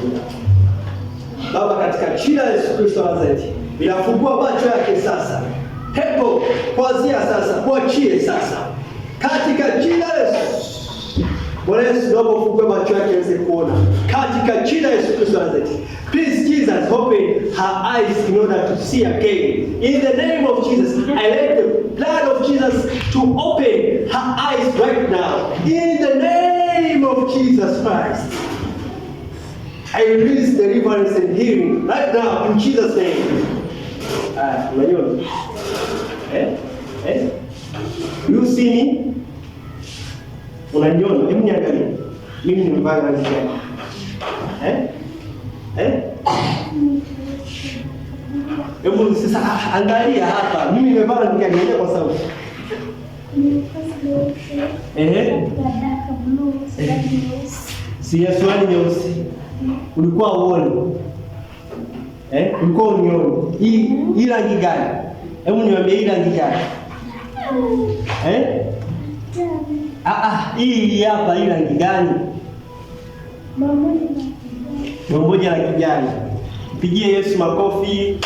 kuja. Baba, katika jina la Yesu Kristo Nazareti, ninafungua macho yake sasa. Pepo, kuanzia sasa, kuachie sasa, katika jina la Yesu. Bwana Yesu, naomba ufungue macho yake aweze kuona katika jina la Yesu Kristo Nazareti. Please Jesus, open her eyes in order to see again. In the name of Jesus, I let the blood of Jesus to open her eyes right now. In the name of Jesus Christ. I release deliverance and healing right now in Jesus name. Ah, unaniona? Eh? Eh? You see me? Unaniona? Hebu niangalie. Mimi ni mbaya na njema. Eh? Eh? Hebu sasa ah, angalia hapa. Mimi nimevaa nikiangalia kwa sauti. Eh? si ya suruali nyeusi, ulikuwa uone eh, ulikuwa unyoni hii hii rangi gani? Hebu niambie hii rangi gani eh? Ah ah, hii hapa hii rangi gani? Mambo la kijani. Mpigie Yesu makofi.